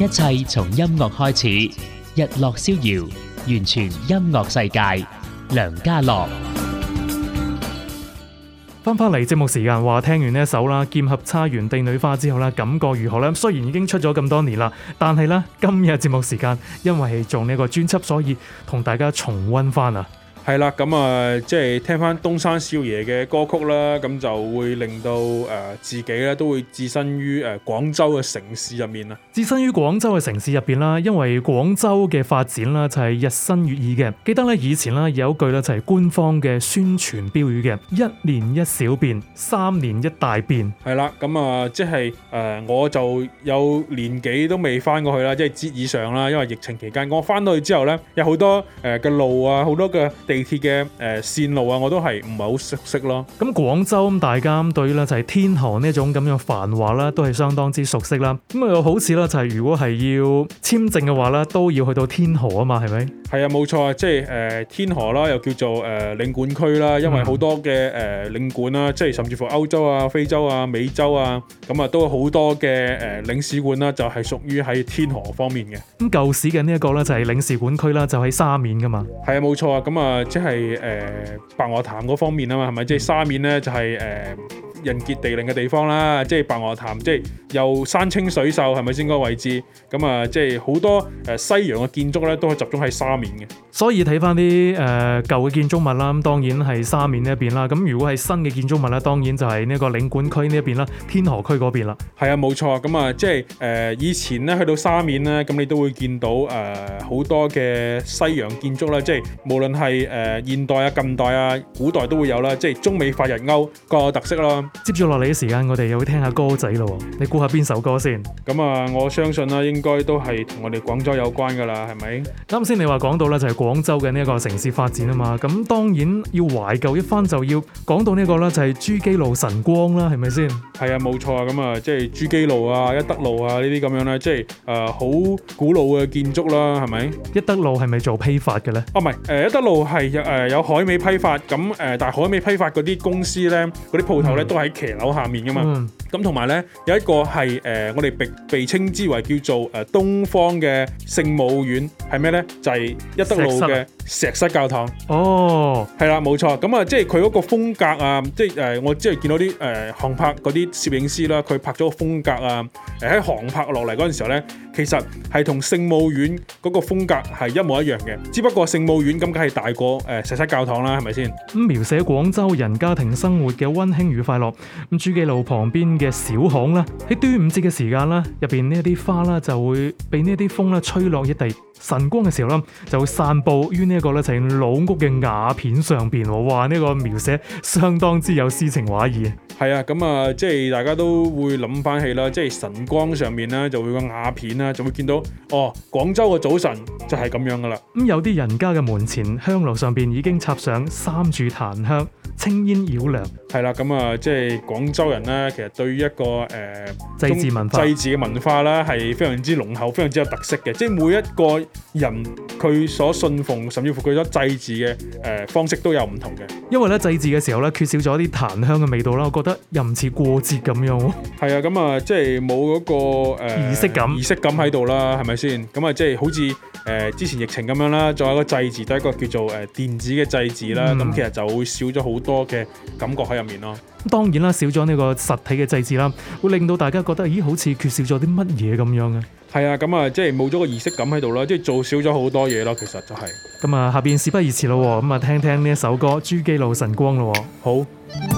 一切從音樂開始，日落逍遙，完全音樂世界。梁家樂返返嚟節目時間，話聽完呢一首啦，《劍合釵圓帝女花》之後啦，感覺如何呢？雖然已經出咗咁多年啦，但係呢今日節目時間，因為係做呢個專輯，所以同大家重溫返啊。.係啦，咁啊，即係聽翻東山少爺嘅歌曲啦，咁就會令到誒、呃、自己咧都會置身於誒廣、呃、州嘅城市入面啊，置身於廣州嘅城市入邊啦，因為廣州嘅發展啦就係、是、日新月異嘅。記得咧以前啦有一句咧就係、是、官方嘅宣傳標語嘅，一年一小變，三年一大變。係啦，咁啊即係誒、呃、我就有年紀都未翻過去啦，即係節以上啦，因為疫情期間我翻到去之後咧有好多誒嘅、呃、路啊，好多嘅地。地鐵嘅誒線路啊，我都係唔係好熟悉咯。咁廣州咁大家咁對咧，就係天河呢種咁樣繁華啦，都係相當之熟悉啦。咁、就是、啊，好似啦，就係、就是、如果係要簽證嘅話咧，都要去到天河啊嘛，係咪？係啊，冇錯啊，即係誒、呃、天河啦，又叫做誒、呃、領館區啦，因為好多嘅誒領館啦，即係、嗯呃、甚至乎歐洲啊、非洲啊、美洲啊，咁啊都有好多嘅誒、呃、領事館啦、啊，就係、是、屬於喺天河方面嘅。咁、嗯、舊時嘅呢一個咧，就係、是、領事館區啦，就喺沙面噶嘛。係啊，冇錯啊，咁啊。即係誒、呃、白鵝潭嗰方面啊嘛，係咪？即係沙面咧，就係、是。誒、呃。人傑地靈嘅地方啦，即係白鵝潭，即係又山清水秀，係咪先個位置？咁啊，即係好多誒西洋嘅建築咧，都係集中喺沙面嘅。所以睇翻啲誒舊嘅建築物啦，咁當然係沙面呢一邊啦。咁如果係新嘅建築物咧，當然就係呢個領館區呢一邊啦，天河區嗰邊啦。係啊，冇錯。咁啊，即係誒、呃、以前咧去到沙面咧，咁你都會見到誒好、呃、多嘅西洋建築啦，即係無論係誒、呃、現代啊、近代啊、古代都會有啦，即係中美法日歐各有特色咯。接住落嚟嘅時間，我哋又會聽下歌仔啦。你估下邊首歌先？咁啊，我相信啦，應該都係同我哋廣州有關噶啦，係咪？啱先你話講到啦，就係廣州嘅呢一個城市發展啊嘛。咁當然要懷舊一番，就要講到呢個啦，就係珠璣路晨光啦，係咪先？係啊，冇錯啊。咁啊，即係珠璣路啊、一德路啊呢啲咁樣咧，即係誒好古老嘅建築啦，係咪？一德路係咪做批發嘅咧？哦，唔係，誒一德路係誒有海味批發，咁誒但係海味批發嗰啲公司咧，嗰啲鋪頭咧都。喺騎樓下面㗎嘛、嗯還，咁同埋呢有一個係、呃、我哋被稱稱之為叫做東東方嘅聖母院係咩呢？就係、是、一德路嘅。石室教堂哦，係啦、oh.，冇錯，咁啊，即係佢嗰個風格啊，即係誒、呃，我即係見到啲誒航拍嗰啲攝影師啦、啊，佢拍咗個風格啊，誒喺航拍落嚟嗰陣時候咧，其實係同聖母院嗰個風格係一模一樣嘅，只不過聖母院咁梗係大過誒、呃、石室教堂啦，係咪先？咁描寫廣州人家庭生活嘅溫馨與快樂，咁珠記路旁邊嘅小巷啦，喺端午節嘅時間啦，入邊呢一啲花啦就會俾呢一啲風咧吹落一地，晨光嘅時候啦，就會散步於呢。一個咧，就係老屋嘅瓦片上邊，哇！呢個描寫相當之有詩情畫意。係啊，咁啊，即係大家都會諗翻起啦，即係晨光上面啦，就會有個瓦片啦，就會見到哦，廣州嘅早晨就係咁樣噶啦。咁有啲人家嘅門前香爐上邊已經插上三柱檀香。青煙繞樑，係啦，咁啊，即係廣州人咧，其實對於一個誒祭祀文化、祭祀嘅文化啦，係非常之濃厚、非常之有特色嘅。即係每一個人佢所信奉，甚至乎佢所祭祀嘅誒方式都有唔同嘅。因為咧祭祀嘅時候咧缺少咗一啲檀香嘅味道啦，我覺得又唔似過節咁樣。係啊，咁啊，即係冇嗰個誒儀、呃、式感、儀式感喺度啦，係咪先？咁啊，即係好似誒、呃、之前疫情咁樣啦，仲有一個祭祀，都係一個叫做誒電子嘅祭祀啦，咁、嗯、其實就會少咗好多嘅感覺喺入面咯，咁當然啦，少咗呢個實體嘅祭祀啦，會令到大家覺得，咦，好似缺少咗啲乜嘢咁樣嘅。係啊，咁啊，即係冇咗個儀式感喺度啦，即係做少咗好多嘢咯，其實就係、是。咁啊，下邊事不宜遲咯，咁啊，聽聽呢一首歌《珠 基路神光》咯。好。